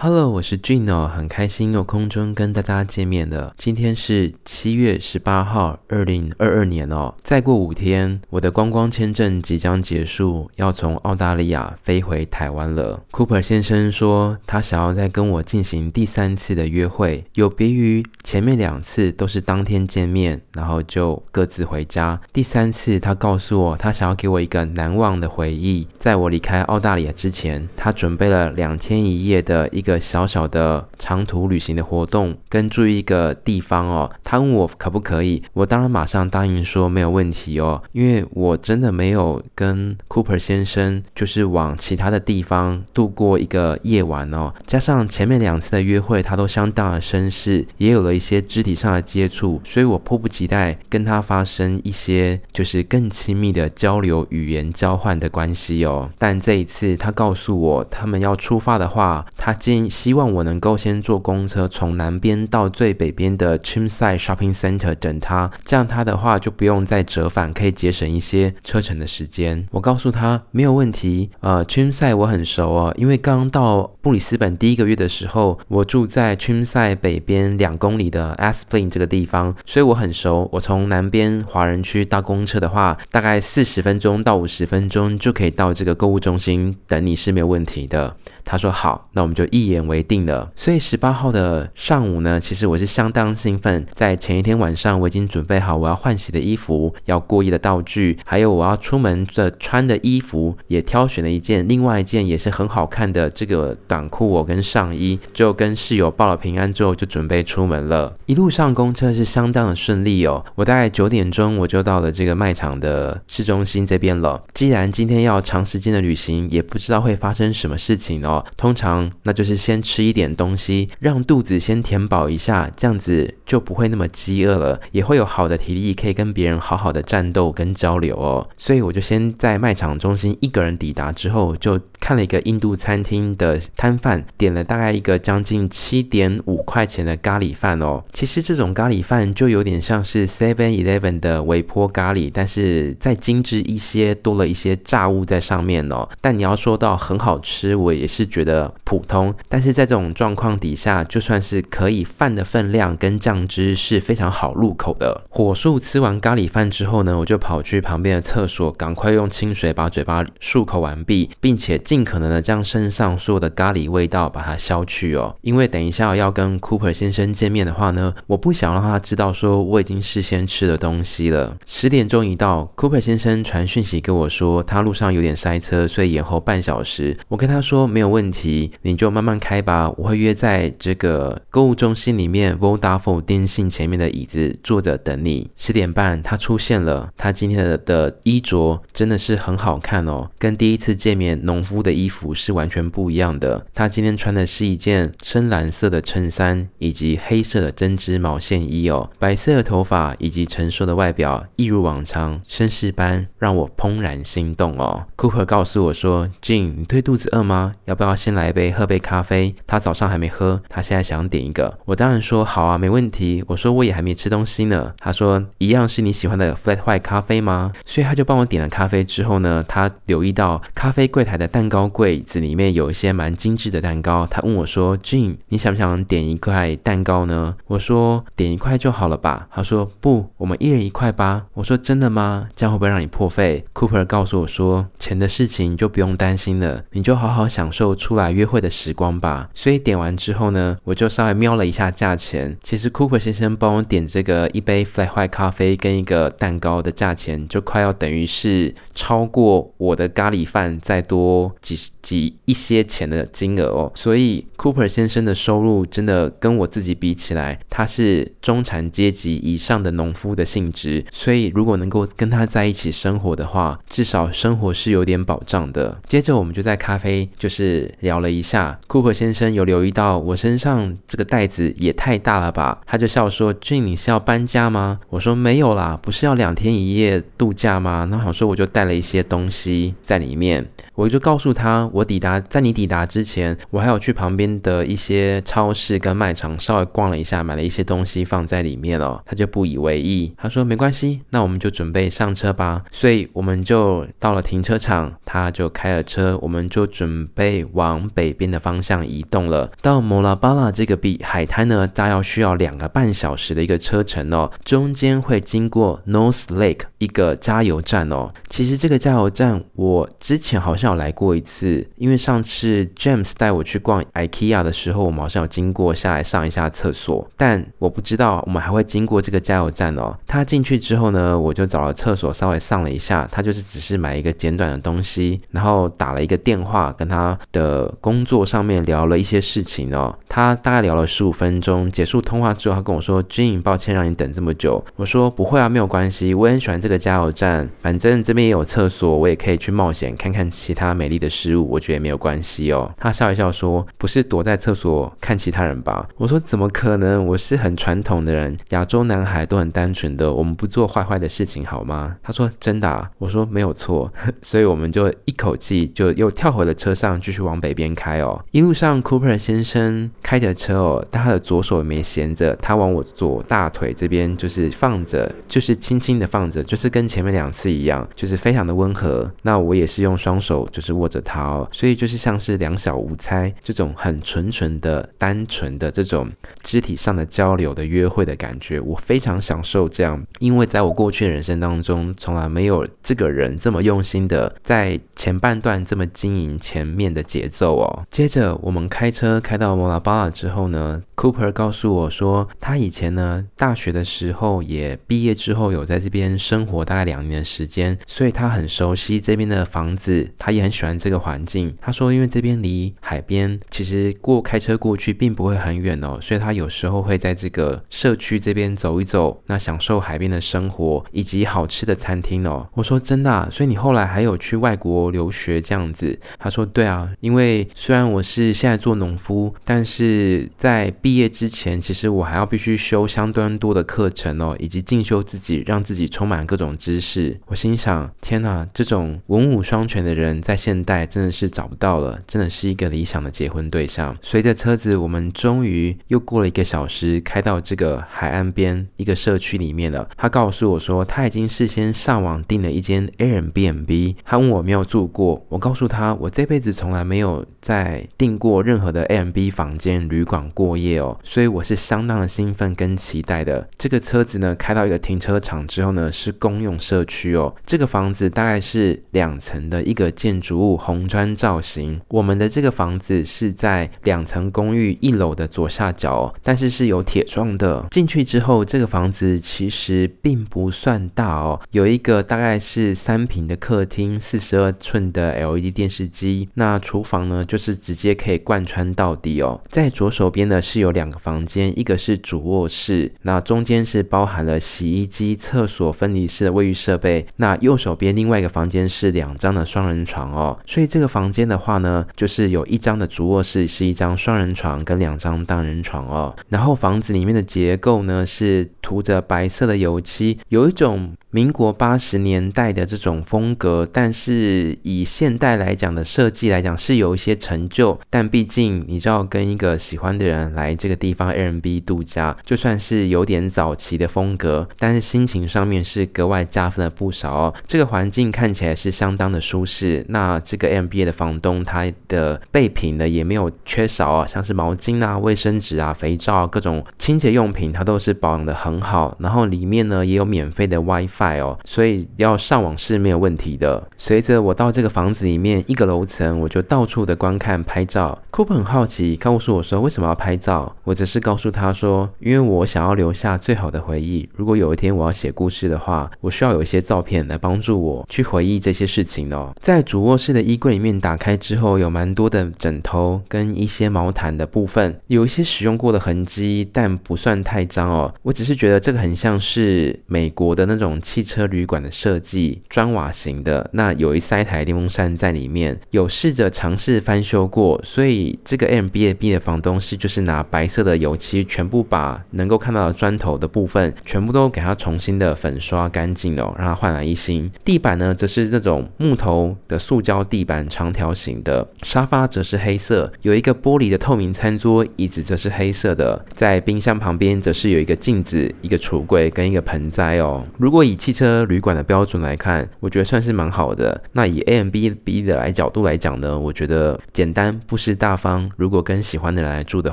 Hello，我是 Juno 哦，很開心又空中跟大家見面了。今天是七月十八號，二零二二年哦。再過五天，我的觀光簽證即將結束，要從澳大利亞飛回台灣了。Cooper 先生說，他想要再跟我進行第三次的約會，有別於前面兩次都是當天見面，然後就各自回家。第三次，他告訴我，他想要給我一個難忘的回憶。在我離開澳大利亞之前，他準備了兩天一夜的一個。一個小小的長途旅行的活動，跟住一個地方哦。他問我可不可以，我當然馬上答應說沒有問題哦，因為我真的沒有跟 Cooper 先生就是往其他的地方度過一個夜晚哦。加上前面兩次的約會，他都相當的紳士，也有了一些肢體上的接觸，所以我迫不及待跟他發生一些就是更親密的交流、語言交換的關係哦。但這一次他告訴我，他們要出發的話，他建議希望我能夠先坐公車從南邊到最北邊的 Chermside Shopping Center 等他，這樣他的話就不用再折返，可以節省一些車程的時間。我告訴他沒有問題，呃，Chermside 我很熟哦，因為剛到布里斯本第一個月的時候，我住在 Chermside 北邊兩公里的 Aspley 這個地方，所以我很熟。我從南邊華人區搭到公車的話，大概四十分鐘到五十分鐘就可以到這個購物中心等你是沒有問題的。他說好，那我們就一言為定了。所以十八號的上午呢，其實我是相當興奮。在前一天晚上，我已經準備好我要換洗的衣服，要過夜的道具，還有我要出門的穿的衣服，也挑選了一件，另外一件也是很好看的這個短褲哦，我跟上衣就跟室友報了平安之後，就準備出門了。一路上公車是相當的順利哦。我大概九點鐘我就到了這個賣場的市中心這邊了。既然今天要長時間的旅行，也不知道會發生什麼事情哦。通常那就是先吃一點東西，讓肚子先填飽一下，這樣子就不會那麼飢餓了，也會有好的體力可以跟別人好好的戰鬥跟交流哦。所以我就先在賣場中心一個人抵達之後，就看了一個印度餐廳的攤販，點了大概一個將近七點五塊錢的咖喱飯哦。其實這種咖喱飯就有點像是 Seven Eleven 的微波咖喱，但是再精致一些，多了一些炸物在上面哦。但你要說到很好吃，我也是。覺得普通，但是在這種狀況底下，就算是可以飯的分量跟醬汁是非常好入口的。火速吃完咖喱飯之後呢，我就跑去旁邊的廁所，趕快用清水把嘴巴漱口完畢，並且盡可能的將身上所有的咖喱味道把它消去哦。因為等一下要跟 Cooper 先生見面的話呢，我不想讓他知道說我已經事先吃了東西了。十點鐘一到，Cooper 先生傳訊息跟我說，他路上有點塞車，所以延後半小時。我跟他說沒有。問題你就慢慢開吧，我會約在這個購物中心裡面 Vodafone 電信前面的椅子坐着等你。十點半他出現了，他今天的,的衣着真的是很好看哦，跟第一次見面農夫的衣服是完全不一樣的。他今天穿的是一件深藍色的襯衫以及黑色的針織毛線衣哦，白色的頭髮以及成熟的外表一如往常，紳士般讓我怦然心動哦。Cooper 告訴我說，Jin 你推肚子餓嗎？要？”爸爸先來一杯喝杯咖啡，他早上還沒喝，他現在想點一個，我當然說好啊，沒問題。我說我也還沒吃東西呢。他說一樣是你喜歡的 flat white 咖啡嗎？所以他就幫我點了咖啡之後呢，他留意到咖啡櫃檯的蛋糕櫃子裡面有一些蠻精緻的蛋糕，他問我說，Gene，你想不想點一塊蛋糕呢？我說點一塊就好了吧。他說不，我們一人一塊吧。我說真的嗎？這樣會不會讓你破費？Cooper 告訴我說，錢的事情就不用擔心了，你就好好享受。出來約會的時光吧，所以點完之後呢，我就稍微瞄了一下價錢。其實 Cooper 先生幫我點這個一杯 Flat White 咖啡跟一個蛋糕的價錢，就快要等於是超過我的咖喱飯再多幾幾一些錢的金額哦。所以 Cooper 先生的收入真的跟我自己比起來，他是中產階級以上的農夫的性質。所以如果能夠跟他在一起生活的話，至少生活是有點保障的。接着我們就在咖啡就是。聊了一下，庫珀先生有留意到我身上這個袋子也太大了吧？他就笑說：“俊，你是要搬家嗎？”我說：“沒有啦，不是要兩天一夜度假嗎？”然後說：“我就帶了一些東西在裡面。”我就告訴他：“我抵達，在你抵達之前，我還有去旁邊的一些超市跟賣場稍微逛了一下，買了一些東西放在裡面哦。”他就不以為意，他說：“沒關係，那我們就準備上車吧。”所以我們就到了停車場，他就開了車，我們就準備。往北邊的方向移動了，到 Mooloolaba 這個比海灘呢，大約需要兩個半小時的一個車程哦。中間會經過 North Lake 一個加油站哦。其實這個加油站我之前好像有來過一次，因為上次 James 帶我去逛 IKEA 的時候，我們好像有經過下來上一下廁所，但我不知道我們還會經過這個加油站哦。他進去之後呢，我就找了廁所稍微上了一下，他就是只是買一個簡短的東西，然後打了一個電話跟他。的工作上面聊了一些事情哦，他大概聊了十五分鐘，結束通話之後，他跟我說：「君，抱歉讓你等這麼久。”我說：“不會啊，沒有關係，我很喜歡這個加油站，反正這邊也有廁所，我也可以去冒險看看其他美麗的事物，我覺得沒有關係哦。”他笑一笑說：“不是躲在廁所看其他人吧？”我說：“怎麼可能？我是很傳統的人，亞洲男孩都很單純的，我們不做壞壞的事情，好嗎？”他說：“真的啊。”我說：“沒有錯。 ”所以我們就一口氣就又跳回了車上，繼續。往北邊開哦，一路上 Cooper 先生開着車哦，但他的左手也沒閒着，他往我左大腿這邊就是放着，就是輕輕的放着，就是跟前面兩次一樣，就是非常的溫和。那我也是用雙手就是握着他哦，所以就是像是兩小無猜這種很純純的、單純的這種肢體上的交流的約會的感覺，我非常享受這樣，因為在我過去的人生當中，從來沒有這個人這麼用心的在前半段這麼經營前面的節奏哦。接着我們開車開到摩拉巴拉之後呢，Cooper 告訴我說，他以前呢大學的時候也畢業之後有在這邊生活大概兩年的時間，所以他很熟悉這邊的房子，他也很喜歡這個環境。他說，因為這邊離海邊其實過開車過去並不會很遠哦，所以他有時候會在這個社區這邊走一走，那享受海邊的生活以及好吃的餐廳哦。我說真的啊？所以你後來還有去外國留學這樣子？他說對啊。因為雖然我是現在做農夫，但是在畢業之前，其實我還要必須修相當多的課程哦，以及進修自己，讓自己充滿各種知識。我心想：天哪，這種文武雙全的人在現代真的是找不到了，真的是一個理想的結婚對象。隨着車子，我們終於又過了一個小時，開到這個海岸邊一個社區裡面了。他告訴我說，他已經事先上網訂了一間 Airbnb。他問我沒有住過，我告訴他，我這輩子從來。沒有再訂過任何的 AMB 房間旅館過夜哦，所以我是相當的興奮跟期待的。這個車子呢開到一個停車場之後呢，是公用社區哦。這個房子大概是兩層的一個建築物，紅磚造型。我們的這個房子是在兩層公寓一樓的左下角哦，但是是有鐵窗的。進去之後，這個房子其實並不算大哦，有一個大概是三平的客廳，四十二寸的 LED 電視機。那除廚房呢，就是直接可以貫穿到底哦。在左手邊呢，是有兩個房間，一個是主臥室，那中間是包含了洗衣機、廁所分離式的衛浴設備。那右手邊另外一個房間是兩張的雙人床哦。所以這個房間的話呢，就是有一張的主臥室是一張雙人床跟兩張單人床哦。然後房子裡面的結構呢是塗着白色的油漆，有一種民國八十年代的這種風格，但是以現代來講的設計來講是。是有一些成就，但畢竟你知道，跟一個喜歡的人來這個地方 Airbnb 度假，就算是有點早期的風格，但是心情上面是格外加分了不少哦。這個環境看起來是相當的舒適。那這個 Airbnb 的房東，他的備品呢也沒有缺少哦，像是毛巾啊、衛生紙啊、肥皂啊、各種清潔用品，它都是保養的很好。然後裡面呢也有免費的 WiFi 哦，所以要上網是沒有問題的。隨着我到這個房子裡面一個樓層，我就到。到處的觀看拍照，庫珀很好奇，告訴我說為什麼要拍照。我只是告訴他說，因為我想要留下最好的回憶。如果有一天我要寫故事的話，我需要有一些照片來幫助我去回憶這些事情哦。在主臥室的衣櫃裡面打開之後，有蠻多的枕頭跟一些毛毯的部分，有一些使用過的痕跡，但不算太髒哦。我只是覺得這個很像是美國的那種汽車旅館的設計，磚瓦型的。那有一塞台的電風扇在裡面，有試着嘗。嘗試翻修過，所以這個 Airbnb 的房東是就是拿白色的油漆，全部把能夠看到的磚頭的部分，全部都給它重新的粉刷乾淨哦，讓它煥然一新。地板呢，則是那種木頭的塑膠地板，長條形的沙發則是黑色，有一個玻璃的透明餐桌，椅子則是黑色的。在冰箱旁邊，則是有一個鏡子、一個櫥櫃跟一個盆栽哦。如果以汽車旅館的標準來看，我覺得算是蠻好的。那以 Airbnb 的來角度來講呢，我。覺得簡單不失大方。如果跟喜歡的人來住的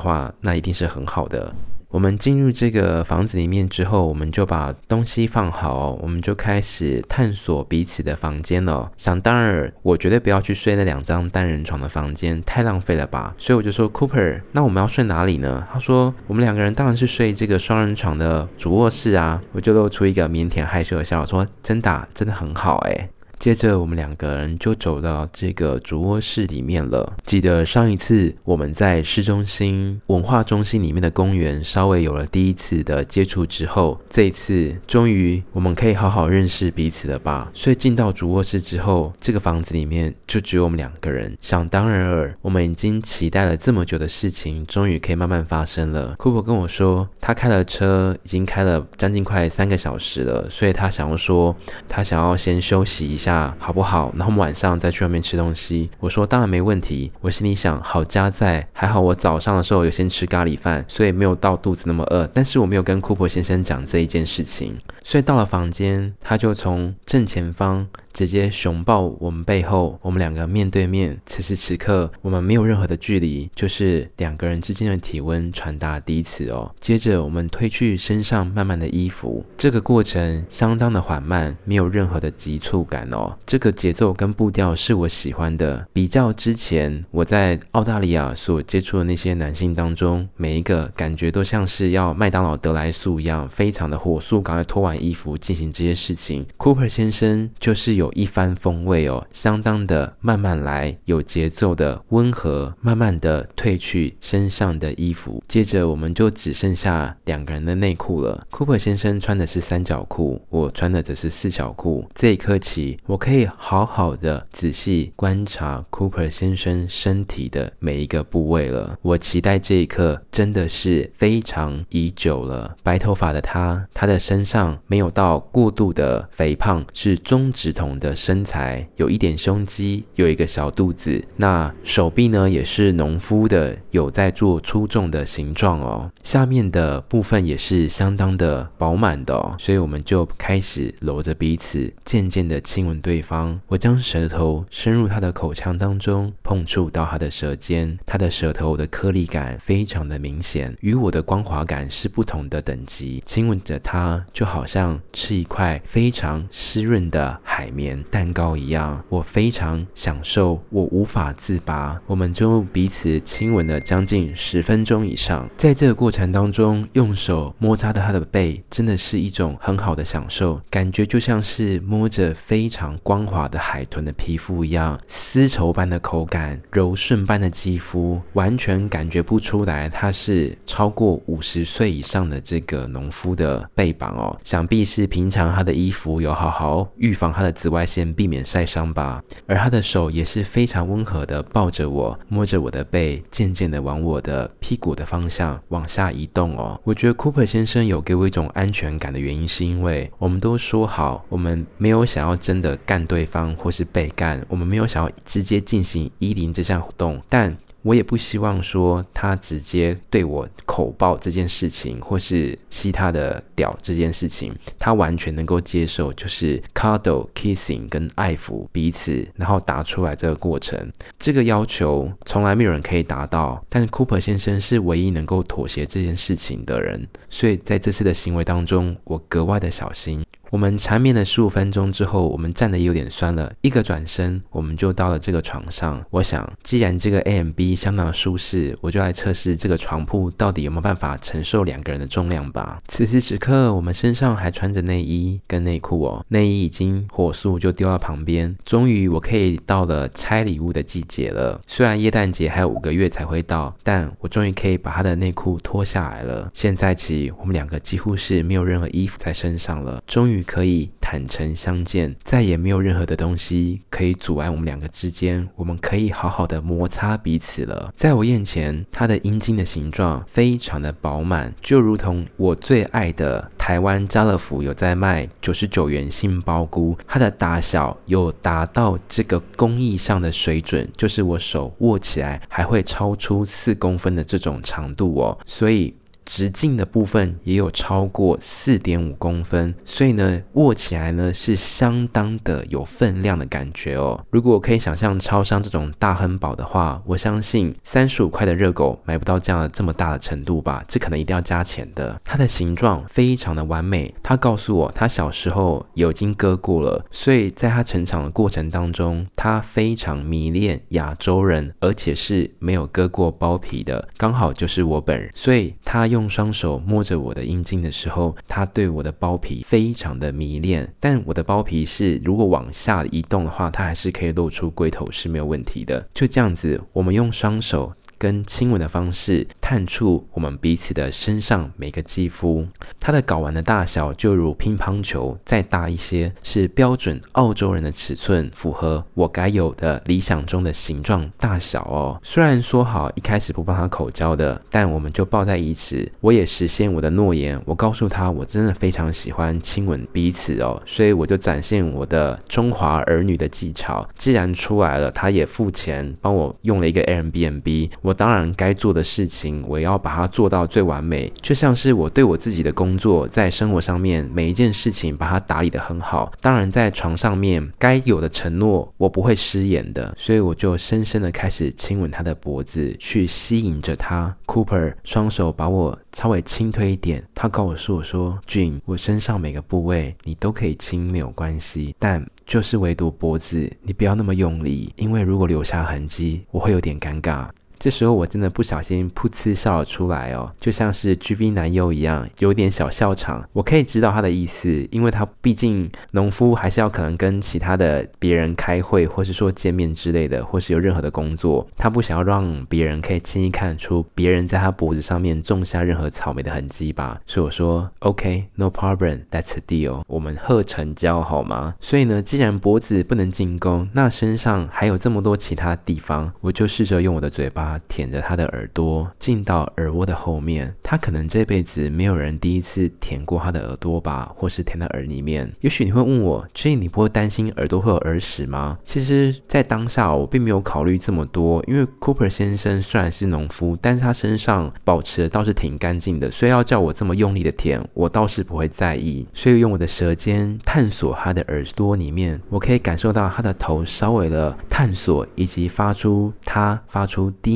話，那一定是很好的。我們進入這個房子裡面之後，我們就把東西放好，我們就開始探索彼此的房間了。想當然，我絕對不要去睡那兩張單人床的房間，太浪費了吧。所以我就說，Cooper，那我們要睡哪裡呢？他說，我們兩個人當然是睡這個雙人床的主臥室啊。我就露出一個靦腆害羞的笑容，我說，真的啊，真的很好誒。接着，我們兩個人就走到這個主臥室裡面了。記得上一次我們在市中心文化中心裡面的公園稍微有了第一次的接觸之後，這一次終於我們可以好好認識彼此了吧？所以進到主臥室之後，這個房子裡面就只有我們兩個人。想當然耳，我們已經期待了這麼久的事情，終於可以慢慢發生了。庫珀跟我說，他開了車，已經開了將近快三個小時了，所以他想要說，他想要先休息一下。下好不好？然後我們晚上再去外面吃東西。我說當然沒問題。我心裡想好家在，還好我早上的時候有先吃咖喱飯，所以沒有到肚子那麼餓。但是我沒有跟庫珀先生講這一件事情，所以到了房間，他就從正前方。直接熊抱我們背後，我們兩個面對面，此時此刻我們沒有任何的距離，就是兩個人之間的體溫傳達彼此哦。接着我們褪去身上慢慢的衣服，這個過程相當的緩慢，沒有任何的急促感哦。這個節奏跟步調是我喜歡的，比較之前我在澳大利亞所接觸的那些男性當中，每一個感覺都像是要麥當勞得來速一樣，非常的火速，趕快脫完衣服進行這些事情。Cooper 先生就是有。有一番風味哦，相當的慢慢來，有節奏的溫和，慢慢的褪去身上的衣服，接着我們就只剩下兩個人的內褲了。Cooper 先生穿的是三角褲，我穿的則是四角褲。這一刻起，我可以好好的仔細觀察 Cooper 先生身體的每一個部位了。我期待這一刻真的是非常已久了。白頭髮的他，他的身上沒有到過度的肥胖，是中直筒。的身材有一點胸肌，有一個小肚子，那手臂呢也是農夫的，有在做粗重的形狀哦。下面的部分也是相當的飽滿的哦，所以我們就開始摟着彼此，漸漸的親吻對方。我將舌頭伸入他的口腔當中，碰觸到他的舌尖，他的舌頭的顆粒感非常的明顯，與我的光滑感是不同的等級。親吻着他，就好像吃一塊非常濕潤的海綿。蛋糕一樣，我非常享受，我無法自拔。我們就彼此親吻了將近十分鐘以上，在這個過程當中，用手摩擦著他的背，真的是一種很好的享受，感覺就像是摸着非常光滑的海豚的皮膚一樣，絲綢般的口感，柔順般的肌膚，完全感覺不出來他是超過五十歲以上的這個農夫的背膀哦，想必是平常他的衣服有好好預防他的。紫外線，避免曬傷吧。而他的手也是非常溫和的抱着我，摸着我的背，漸漸的往我的屁股的方向往下移動哦。我覺得 Cooper 先生有給我一種安全感的原因，是因為我們都說好，我們沒有想要真的幹對方，或是被幹，我們沒有想要直接進行一零這項活動，但。我也不希望說他直接對我口爆這件事情，或是吸他的屌這件事情，他完全能夠接受，就是 cuddle、kissing 跟愛撫彼此，然後打出來這個過程。這個要求從來沒有人可以達到，但是 Cooper 先生是唯一能夠妥協這件事情的人，所以在這次的行為當中，我格外的小心。我們纏綿了十五分鐘之後，我們站得有點痠了。一個轉身，我們就到了這個床上。我想，既然這個 AMB 相當的舒適，我就來測試這個床鋪到底有沒有辦法承受兩個人的重量吧。此時此刻，我們身上還穿着內衣跟內褲哦，內衣已經火速就丟到旁邊。終於，我可以到了拆禮物的季節了。雖然耶誕節還有五個月才會到，但我終於可以把他的內褲脫下來了。現在起，我們兩個幾乎是沒有任何衣服在身上了。終於。可以坦誠相見，再也沒有任何的東西可以阻礙我們兩個之間，我們可以好好的摩擦彼此了。在我眼前，他的陰莖的形狀非常的飽滿，就如同我最愛的台灣家樂福有在賣九十九元杏鮑菇，它的大小有達到這個工藝上的水準，就是我手握起來還會超出四公分的這種長度哦，所以。直徑的部分也有超過四點五公分，所以呢，握起來呢是相當的有分量的感覺哦。如果可以想象超商這種大亨堡的話，我相信三十五塊的熱狗買不到這樣的這麼大的程度吧，這可能一定要加錢的。它的形狀非常的完美。他告訴我，他小時候有已經割過了，所以在他成長的過程當中，他非常迷戀亞洲人，而且是沒有割過包皮的，剛好就是我本人，所以他用。用雙手摸着我的陰莖的時候，它對我的包皮非常的迷戀。但我的包皮是，如果往下移動的話，它還是可以露出龜頭，是沒有問題的。就這樣子，我們用雙手。跟親吻的方式，探觸我們彼此的身上每個肌膚。他的睾丸的大小就如乒乓球，再大一些是標準澳洲人的尺寸，符合我該有的理想中的形狀大小哦。雖然說好一開始不幫他口交的，但我們就抱在一起，我也實現我的諾言。我告訴他我真的非常喜歡親吻彼此哦，所以我就展現我的中華兒女的技巧。既然出來了，他也付錢幫我用了一個 Airbnb。我當然該做的事情，我也要把它做到最完美，就像是我對我自己的工作，在生活上面每一件事情，把它打理得很好。當然，在床上面該有的承諾，我不會失言的，所以我就深深的開始親吻他的脖子，去吸引着他。Cooper 雙手把我稍微輕推一點，他告訴我說：“俊，我身上每個部位你都可以親，沒有關係，但就是唯獨脖子，你不要那麼用力，因為如果留下痕跡，我會有點尷尬。”這時候我真的不小心噗呲笑了出來哦，就像是 GV 男優一樣，有點小笑場。我可以知道他的意思，因為他畢竟農夫還是要可能跟其他的別人開會，或是說見面之類的，或是有任何的工作，他不想要讓別人可以輕易看出別人在他脖子上面種下任何草莓的痕跡吧。所以我說，OK，no、okay, problem，that's a deal，我們賀成交好嗎？所以呢，既然脖子不能進攻，那身上還有這麼多其他地方，我就試着用我的嘴巴。舔着他的耳朵，進到耳窩的後面。他可能這輩子沒有人第一次舔過他的耳朵吧，或是舔到耳裡面。也許你會問我，所以你不會擔心耳朵會有耳屎嗎？其實，在當下我並沒有考慮這麼多，因為 Cooper 先生雖然是農夫，但是他身上保持的倒是挺乾淨的，所以要叫我這麼用力的舔，我倒是不會在意。所以用我的舌尖探索他的耳朵裡面，我可以感受到他的頭稍微的探索，以及發出他發出低。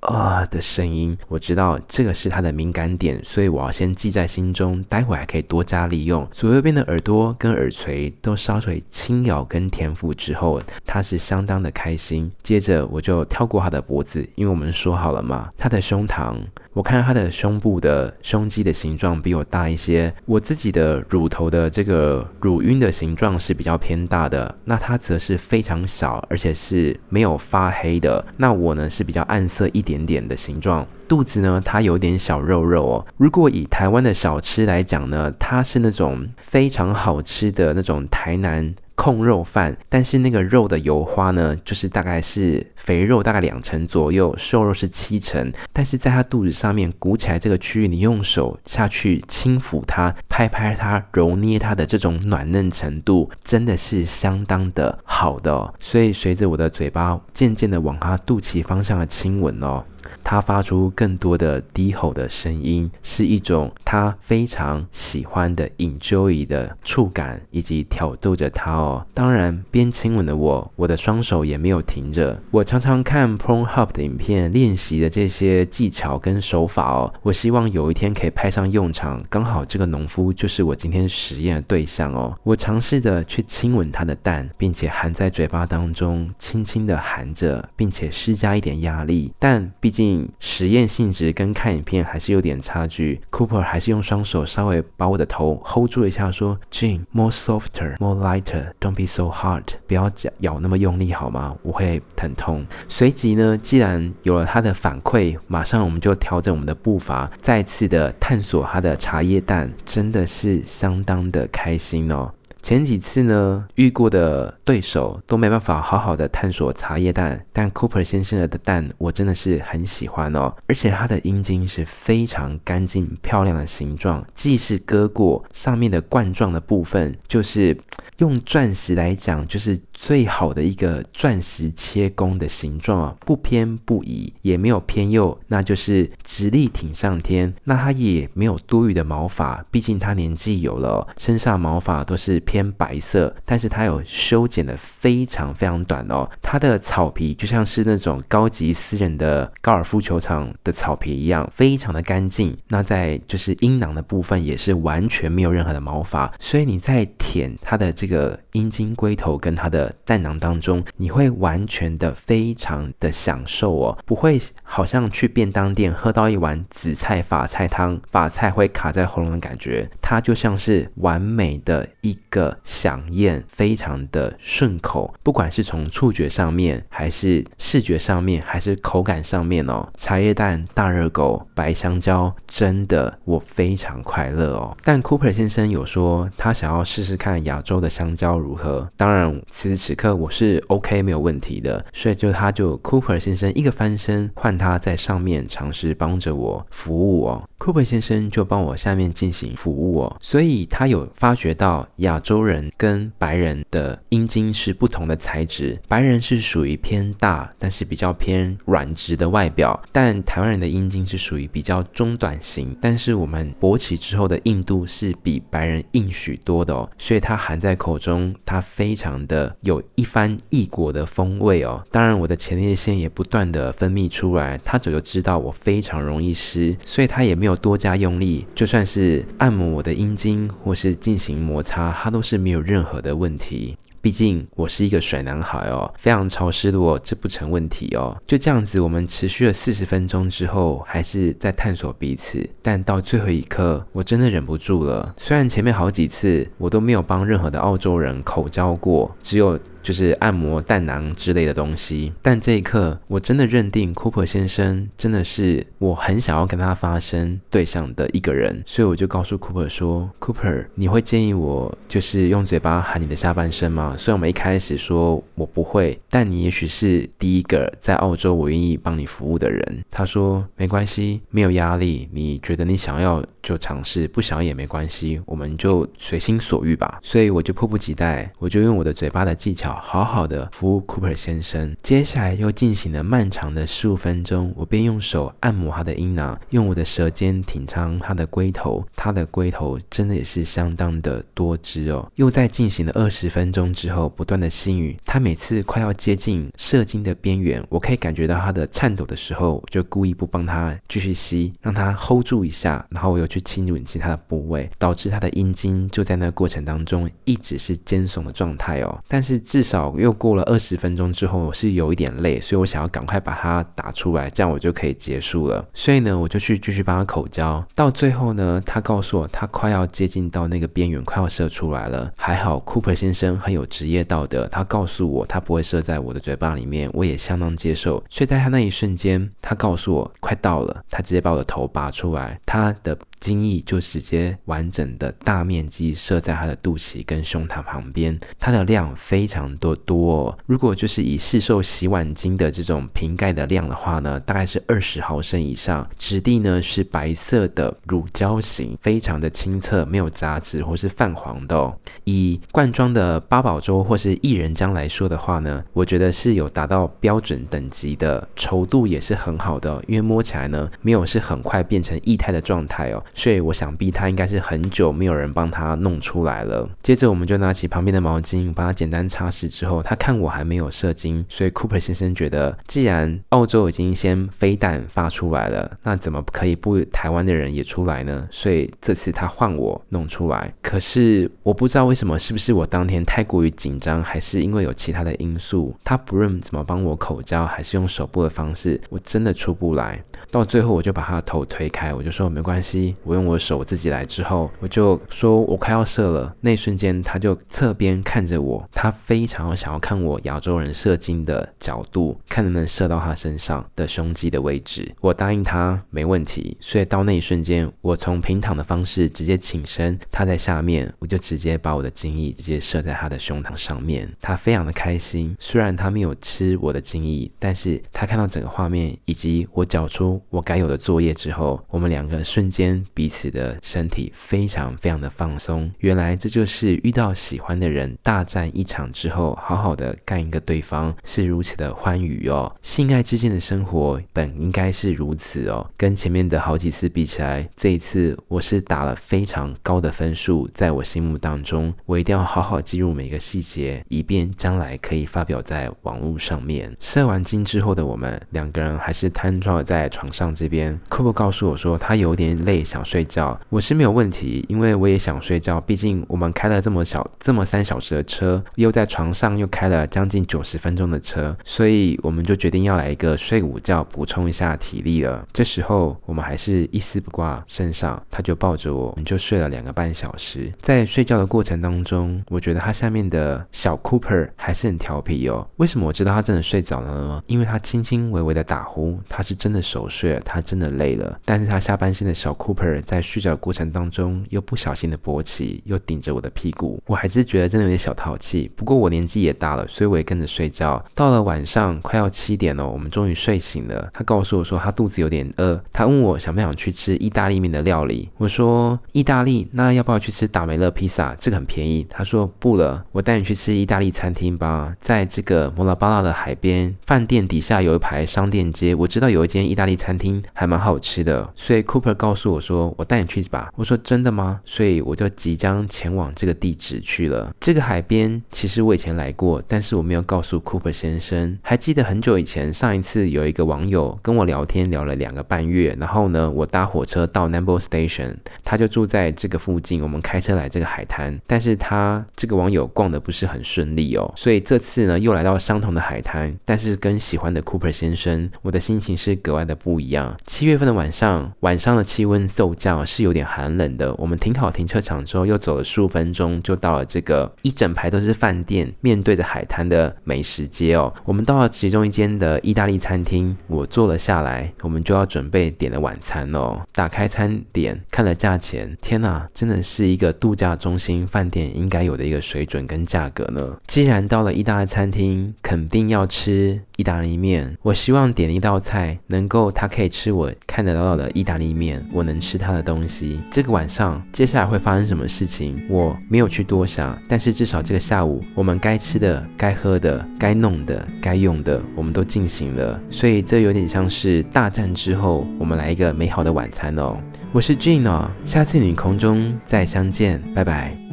啊、uh, 的聲音，我知道這個是他的敏感點，所以我要先記在心中，待會還可以多加利用。左右邊的耳朵跟耳垂都稍微輕咬跟舔撫之後，他是相當的開心。接着我就跳過他的脖子，因為我們說好了嘛，他的胸膛。我看到他的胸部的胸肌的形狀比我大一些，我自己的乳頭的這個乳暈的形狀是比較偏大的，那它則是非常小，而且是沒有發黑的。那我呢是比較暗色一點。點的形狀，肚子呢，它有點小肉肉哦。如果以台灣的小吃來講呢，它是那種非常好吃的那種台南，控肉飯，但是那個肉的油花呢，就是大概是肥肉大概兩成左右，瘦肉是七成。但是在他肚子上面鼓起來這個區域，你用手下去輕撫它，拍拍它，揉捏它的這種暖嫩程度，真的是相當的好的哦。所以隨着我的嘴巴漸漸的往它肚臍方向的親吻哦。他發出更多的低吼的聲音，是一種他非常喜歡的 enjoy 的觸感，以及挑逗着他哦。當然，邊親吻的我，我的雙手也沒有停着。我常常看 PornHub 的影片，練習的這些技巧跟手法哦。我希望有一天可以派上用場。剛好這個農夫就是我今天實驗的對象哦。我嘗試着去親吻他的蛋，並且含在嘴巴當中，輕輕地含着，並且施加一點壓力。但畢竟。實驗性質跟看影片，還是有點差距。Cooper 還是用雙手稍微把我的頭 hold 住一下說，說：“Gene，more softer，more lighter，don't be so hard，不要咬那麼用力，好嗎？我會疼痛。”隨即呢，既然有了他的反饋，馬上我們就調整我們的步伐，再次的探索他的茶葉蛋，真的是相當的開心哦。前幾次呢，遇過的對手都沒辦法好好的探索茶葉蛋，但 Cooper 先生的蛋我真的是很喜歡哦，而且它的陰莖是非常乾淨漂亮的形狀，既是割過上面的冠狀的部分，就是用鑽石來講就是。最好的一個鑽石切工的形狀啊，不偏不倚，也沒有偏右，那就是直立挺上天。那它也沒有多餘的毛髮，畢竟它年紀有了哦，身上毛髮都是偏白色，但是它有修剪得非常非常短哦。它的草皮就像是那種高級私人的高爾夫球場的草皮一樣，非常的乾淨。那在就是陰囊的部分也是完全沒有任何的毛髮，所以你在舔它的這個。陰莖龜頭跟它的蛋囊當中，你會完全的非常的享受哦，不會好像去便當店喝到一碗紫菜發菜湯，發菜會卡在喉嚨的感覺，它就像是完美的一個饗宴，非常的順口。不管是從觸覺上面，還是視覺上面，還是口感上面哦，茶葉蛋、大熱狗、白香蕉，真的我非常快樂哦。但 Cooper 先生有說他想要試試看亞洲的香蕉。如何？當然，此時此刻我是 OK 沒有問題的，所以就他就 Cooper 先生一個翻身換他在上面嘗試幫着我服務哦，Cooper 先生就幫我下面進行服務哦，所以他有發覺到亞洲人跟白人的陰莖是不同的材質，白人是屬於偏大，但是比較偏軟直的外表，但台灣人的陰莖是屬於比較中短型，但是我們勃起之後的硬度是比白人硬許多的哦，所以他含在口中。它非常的有一番異國的風味哦。當然，我的前列腺也不斷的分泌出來，他早就知道我非常容易濕，所以他也沒有多加用力。就算是按摩我的陰莖或是進行摩擦，它都是沒有任何的問題。畢竟我是一個水男孩哦，非常潮濕的我，這不成問題哦。就這樣子，我們持續了四十分鐘之後，還是在探索彼此。但到最後一刻，我真的忍不住了。雖然前面好幾次我都沒有幫任何的澳洲人口交過，只有。就是按摩蛋囊之類的東西，但這一刻我真的認定 Cooper 先生真的是我很想要跟他發生對象的一個人，所以我就告訴 Cooper 說：Cooper，你會建議我就是用嘴巴喊你的下半身嗎？雖然我們一開始說我不會，但你也許是第一個在澳洲我願意幫你服務的人。他說：沒關係，沒有壓力。你覺得你想要？就嘗試，不想也沒關係，我們就隨心所欲吧。所以我就迫不及待，我就用我的嘴巴的技巧，好好的服務 Cooper 先生。接下來又進行了漫長的十五分鐘，我便用手按摩他的陰囊，用我的舌尖品嘗他的龜頭。他的龜頭真的也是相當的多汁哦。又在進行了二十分鐘之後，不斷的吸吮，他每次快要接近射精的邊緣，我可以感覺到他的顫抖的時候，我就故意不幫他繼續吸，讓他 hold 住一下，然後我又去。親吻其他的部位，導致他的陰莖就在那個過程當中一直是堅聳的狀態哦。但是至少又過了二十分鐘之後，我是有一點累，所以我想要趕快把它打出來，這樣我就可以結束了。所以呢，我就去繼續幫他口交。到最後呢，他告訴我他快要接近到那個邊緣，快要射出來了。還好 Cooper 先生很有職業道德，他告訴我他不會射在我的嘴巴裡面，我也相當接受。所以在他那一瞬間，他告訴我快到了，他直接把我的頭拔出來，他的。精液就直接完整的大面積射在它的肚臍跟胸膛旁邊，它的量非常多多哦。如果就是以市售洗碗精的這種瓶蓋的量的話呢，大概是二十毫升以上。質地呢是白色的乳膠型，非常的清澈，沒有雜質或是泛黃的哦。以罐裝的八寶粥或是薏仁漿來說的話呢，我覺得是有達到標準等級的，稠度也是很好的，因為摸起來呢沒有是很快變成液態的狀態哦。所以我想必他應該是很久沒有人幫他弄出來了。接着我們就拿起旁邊的毛巾把他簡單擦拭之後，他看我還沒有射精，所以 Cooper 先生覺得既然澳洲已經先飛彈發出來了，那怎麼可以不台灣的人也出來呢？所以這次他換我弄出來。可是我不知道為什麼，是不是我當天太過於緊張，還是因為有其他的因素，他不論怎麼幫我口交還是用手部的方式，我真的出不來。到最後我就把他的頭推開，我就說沒關係。我用我手自己來之後，我就說我快要射了。那一瞬間，他就側邊看着我，他非常想要看我亞洲人射精的角度，看能不能射到他身上的胸肌的位置。我答應他沒問題，所以到那一瞬間，我從平躺的方式直接起身，他在下面，我就直接把我的精液直接射在他的胸膛上面。他非常的開心，雖然他沒有吃我的精液，但是他看到整個畫面以及我繳出我該有的作業之後，我們兩個瞬間。彼此的身體非常非常的放鬆，原來這就是遇到喜歡的人大戰一場之後，好好的乾一個對方是如此的歡愉哦。性愛之間的生活本應該是如此哦。跟前面的好幾次比起來，這一次我是打了非常高的分數，在我心目當中，我一定要好好記錄每個細節，以便將來可以發表在網絡上面。射完精之後的我們兩個人還是癱坐在床上這邊，庫珀告訴我說他有點累，想。想睡覺，我是沒有問題，因為我也想睡覺。畢竟我們開了這麼小這麼三小時的車，又在床上又開了將近九十分鐘的車，所以我們就決定要來一個睡午覺，補充一下體力了。這時候我們還是一絲不掛，身上他就抱着我，我們就睡了兩個半小時。在睡覺的過程當中，我覺得他下面的小 Cooper 還是很調皮哦。為什麼我知道他真的睡着了呢？因為他輕輕微微的打呼，他是真的熟睡了，他真的累了。但是他下半身的小 Cooper。在睡覺的過程當中，又不小心的勃起，又頂着我的屁股，我還是覺得真的有點小淘氣。不過我年紀也大了，所以我也跟着睡覺。到了晚上快要七點了哦，我們終於睡醒了。他告訴我說他肚子有點餓，他問我想不想去吃意大利麵的料理。我說意大利，那要不要去吃達美樂披薩？這個很便宜。他說不了，我帶你去吃意大利餐廳吧。在這個摩拉巴拉的海邊飯店底下有一排商店街，我知道有一間意大利餐廳還蠻好吃的，所以 Cooper 告訴我說。我帶你去吧。我說真的嗎？所以我就即將前往這個地址去了。這個海邊其實我以前來過，但是我沒有告訴 Cooper 先生。還記得很久以前，上一次有一個網友跟我聊天，聊了兩個半月。然後呢，我搭火車到 Nambour Station，他就住在這個附近。我們開車來這個海灘，但是他這個網友逛得不是很順利哦。所以這次呢，又來到相同的海灘，但是跟喜歡的 Cooper 先生，我的心情是格外的不一樣。七月份的晚上，晚上的氣溫受。度假是有點寒冷的。我們停好停車場之後，又走了數分鐘，就到了這個一整排都是飯店，面對着海灘的美食街哦。我們到了其中一間的意大利餐廳，我坐了下來，我們就要準備點了晚餐哦。打開餐點，看了價錢，天哪，真的是一個度假中心飯店應該有的一個水準跟價格呢。既然到了意大利餐廳，肯定要吃。意大利麵，我希望點一道菜，能夠他可以吃我看得到的意大利麵，我能吃他的東西。這個晚上接下來會發生什麼事情，我沒有去多想，但是至少這個下午我們該吃的、該喝的、該弄的、該用的，我們都進行了。所以這有點像是大戰之後，我們來一個美好的晚餐哦。我是 Gene 哦，下次你空中再相見，拜拜。